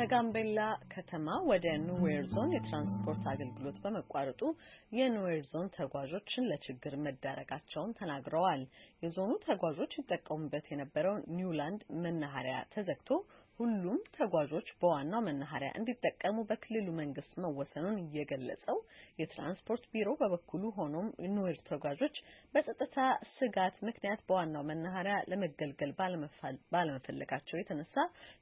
ከጋምቤላ ከተማ ወደ ኑዌር ዞን የትራንስፖርት አገልግሎት በመቋረጡ የኑዌር ዞን ተጓዦችን ለችግር መዳረጋቸውን ተናግረዋል። የዞኑ ተጓዦች ይጠቀሙበት የነበረው ኒውላንድ መናኸሪያ ተዘግቶ ሁሉም ተጓዦች በዋናው መናኸሪያ እንዲጠቀሙ በክልሉ መንግስት መወሰኑን እየገለጸው። የትራንስፖርት ቢሮ በበኩሉ ሆኖም ኑዌር ተጓዦች በጸጥታ ስጋት ምክንያት በዋናው መናኸሪያ ለመገልገል ባለመፈለጋቸው የተነሳ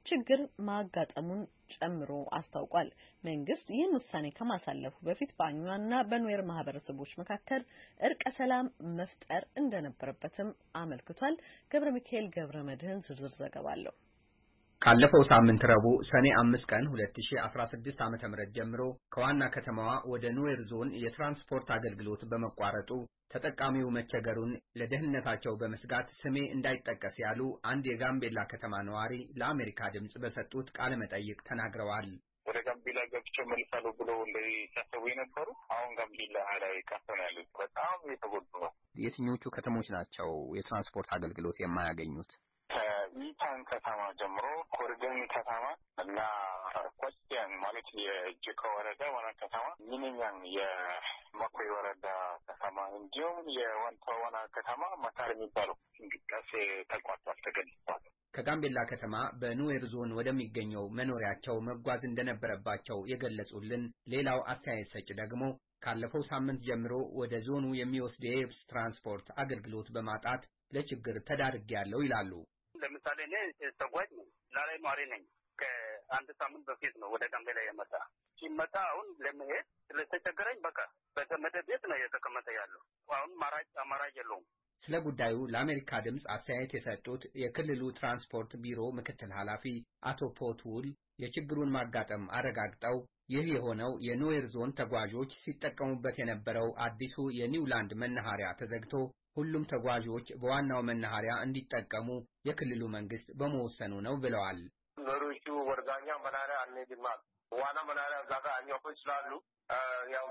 ችግር ማጋጠሙን ጨምሮ አስታውቋል። መንግስት ይህን ውሳኔ ከማሳለፉ በፊት በአኙዋና በኑዌር ማህበረሰቦች መካከል እርቀ ሰላም መፍጠር እንደነበረበትም አመልክቷል። ገብረ ሚካኤል ገብረ መድህን ዝርዝር ዘገባ አለው። ካለፈው ሳምንት ረቡዕ ሰኔ አምስት ቀን 2016 ዓ.ም ጀምሮ ከዋና ከተማዋ ወደ ኑዌር ዞን የትራንስፖርት አገልግሎት በመቋረጡ ተጠቃሚው መቸገሩን ለደህንነታቸው በመስጋት ስሜ እንዳይጠቀስ ያሉ አንድ የጋምቤላ ከተማ ነዋሪ ለአሜሪካ ድምፅ በሰጡት ቃለ መጠይቅ ተናግረዋል። ወደ ጋምቤላ ገብቼ መልሳለሁ ብሎ ሲያሰቡ የነበሩ አሁን ጋምቤላ ላይ ቀፈን ያሉት በጣም የተጎዱ ነው። የትኞቹ ከተሞች ናቸው የትራንስፖርት አገልግሎት የማያገኙት? ሚታን ከተማ ጀምሮ ኮሪደሚ ከተማ እና ኮስቲያን ማለት የጅቆ ወረዳ ዋና ከተማ ሚኒኛን የመኮይ ወረዳ ከተማ እንዲሁም የወንቶ ዋና ከተማ መታር የሚባሉ እንቅስቃሴ ተቋርጧል፣ ተገልጿል። ከጋምቤላ ከተማ በኑዌር ዞን ወደሚገኘው መኖሪያቸው መጓዝ እንደነበረባቸው የገለጹልን ሌላው አስተያየት ሰጭ ደግሞ ካለፈው ሳምንት ጀምሮ ወደ ዞኑ የሚወስድ የየብስ ትራንስፖርት አገልግሎት በማጣት ለችግር ተዳርጌ ያለው ይላሉ። ለምሳሌ እኔ ተጓዥ ነኝ፣ ላላይ ማሪ ነኝ። ከአንድ ሳምንት በፊት ነው ወደ ጋምቤላ የመጣ ሲመጣ አሁን ለመሄድ ስለተቸገረኝ በቃ በተመደ ቤት ነው የተቀመጠ ያለው። አሁን ማራጭ አማራጭ የለውም። ስለ ጉዳዩ ለአሜሪካ ድምፅ አስተያየት የሰጡት የክልሉ ትራንስፖርት ቢሮ ምክትል ኃላፊ አቶ ፖትውል የችግሩን ማጋጠም አረጋግጠው ይህ የሆነው የኖዌር ዞን ተጓዦች ሲጠቀሙበት የነበረው አዲሱ የኒውላንድ መናኸሪያ ተዘግቶ ሁሉም ተጓዦች በዋናው መናኸሪያ እንዲጠቀሙ የክልሉ መንግስት በመወሰኑ ነው ብለዋል። መሪዎቹ ወደዛኛ መናኸሪያ አንሄድማል ዋና መናኸሪያ እዛ ጋር አኛኮች ያው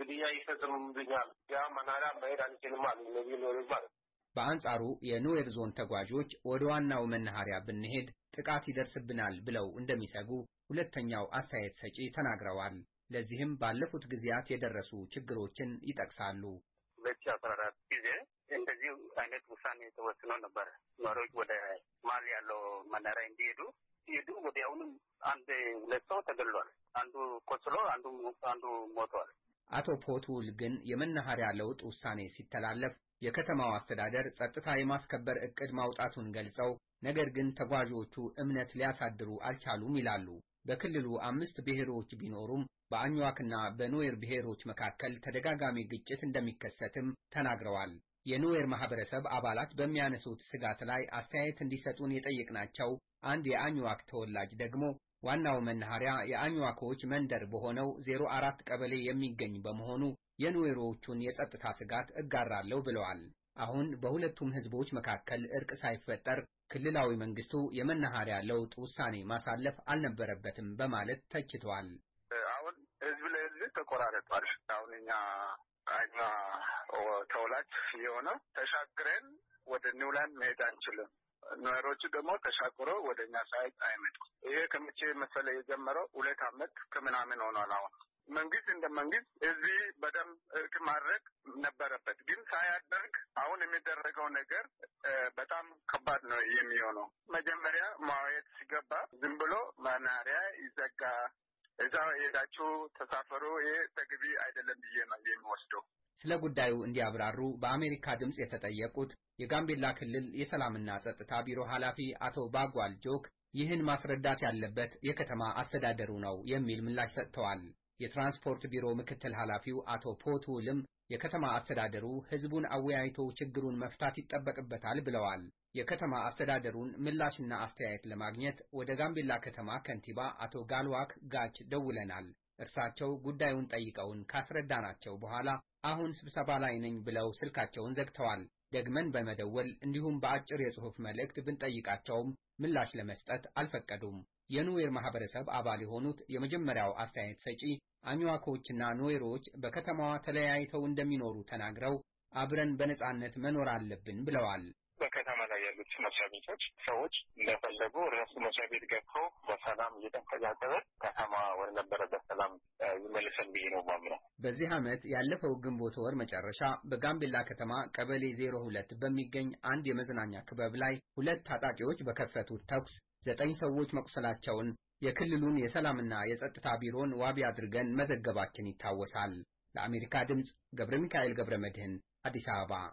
ግድያ ይፈጽምብኛል ያ መናኸሪያ መሄድ አንችልም አሉ እነዚህ መሪዎች ማለት በአንጻሩ የኑዌር ዞን ተጓዦች ወደ ዋናው መናኸሪያ ብንሄድ ጥቃት ይደርስብናል ብለው እንደሚሰጉ ሁለተኛው አስተያየት ሰጪ ተናግረዋል። ለዚህም ባለፉት ጊዜያት የደረሱ ችግሮችን ይጠቅሳሉ። ሁለት አስራ አራት ጊዜ እንደዚህ አይነት ውሳኔ ተወስኖ ነበር። መሪዎች ወደ ማል ያለው መናሪያ እንዲሄዱ ሲሄዱ ወዲያውኑም አንድ ሁለት ሰው ተገሏል። አንዱ ቆስሎ፣ አንዱ አንዱ ሞቷል። አቶ ፖቱል ግን የመናኸሪያ ለውጥ ውሳኔ ሲተላለፍ የከተማው አስተዳደር ጸጥታ የማስከበር እቅድ ማውጣቱን ገልጸው ነገር ግን ተጓዦቹ እምነት ሊያሳድሩ አልቻሉም ይላሉ። በክልሉ አምስት ብሔሮች ቢኖሩም በአኟዋክና በኖዌር ብሔሮች መካከል ተደጋጋሚ ግጭት እንደሚከሰትም ተናግረዋል። የኑዌር ማህበረሰብ አባላት በሚያነሱት ስጋት ላይ አስተያየት እንዲሰጡን የጠየቅናቸው አንድ የአኝዋክ ተወላጅ ደግሞ ዋናው መናኸሪያ የአኝዋኮች መንደር በሆነው 04 ቀበሌ የሚገኝ በመሆኑ የኑዌሮቹን የጸጥታ ስጋት እጋራለሁ ብለዋል። አሁን በሁለቱም ህዝቦች መካከል እርቅ ሳይፈጠር ክልላዊ መንግስቱ የመናኸሪያ ለውጥ ውሳኔ ማሳለፍ አልነበረበትም በማለት ተችቷል። አሁን ህዝብ ለህዝብ ተቆራረጧል። አሁን እኛ አኛ ተውላጅ የሆነው ተሻግረን ወደ ኒውላንድ መሄድ አንችልም። ነዋሪዎቹ ደግሞ ተሻግሮ ወደ እኛ ሳይድ አይመጡ። ይሄ ከመቼ መሰለ የጀመረው ሁለት አመት ከምናምን ሆኗል። አሁን መንግስት እንደ መንግስት እዚህ በደንብ እርቅ ማድረግ ነበረበት፣ ግን ሳያደርግ አሁን የሚደረገው ነገር በጣም ከባድ ነው የሚሆነው። መጀመሪያ ማዋየት ሲገባ ዝም ብሎ መናሪያ ይዘጋ እዛ ሄዳችሁ ተሳፈሩ። ይሄ ተገቢ አይደለም ብዬ ነው የሚወስደው። ስለ ጉዳዩ እንዲያብራሩ በአሜሪካ ድምፅ የተጠየቁት የጋምቤላ ክልል የሰላምና ጸጥታ ቢሮ ኃላፊ አቶ ባጓል ጆክ ይህን ማስረዳት ያለበት የከተማ አስተዳደሩ ነው የሚል ምላሽ ሰጥተዋል። የትራንስፖርት ቢሮ ምክትል ኃላፊው አቶ ፖቱ የከተማ አስተዳደሩ ሕዝቡን አወያይቶ ችግሩን መፍታት ይጠበቅበታል ብለዋል። የከተማ አስተዳደሩን ምላሽና አስተያየት ለማግኘት ወደ ጋምቤላ ከተማ ከንቲባ አቶ ጋልዋክ ጋች ደውለናል። እርሳቸው ጉዳዩን ጠይቀውን ካስረዳናቸው በኋላ አሁን ስብሰባ ላይ ነኝ ብለው ስልካቸውን ዘግተዋል። ደግመን በመደወል እንዲሁም በአጭር የጽሑፍ መልእክት ብንጠይቃቸውም ምላሽ ለመስጠት አልፈቀዱም። የኑዌር ማህበረሰብ አባል የሆኑት የመጀመሪያው አስተያየት ሰጪ አኝዋኮችና ኑዌሮች በከተማዋ ተለያይተው እንደሚኖሩ ተናግረው አብረን በነጻነት መኖር አለብን ብለዋል። ላይ ያሉት መስሪያ ቤቶች ሰዎች እንደፈለጉ ወደነሱ መስሪያ ቤት ገብቶ በሰላም እየተንቀሳቀሰ ከተማ ወደነበረበት ሰላም ይመልሰን ብዬ ነው ማምነው። በዚህ ዓመት ያለፈው ግንቦት ወር መጨረሻ በጋምቤላ ከተማ ቀበሌ ዜሮ ሁለት በሚገኝ አንድ የመዝናኛ ክበብ ላይ ሁለት ታጣቂዎች በከፈቱት ተኩስ ዘጠኝ ሰዎች መቁሰላቸውን የክልሉን የሰላምና የጸጥታ ቢሮን ዋቢ አድርገን መዘገባችን ይታወሳል። ለአሜሪካ ድምፅ ገብረ ሚካኤል ገብረ መድህን አዲስ አበባ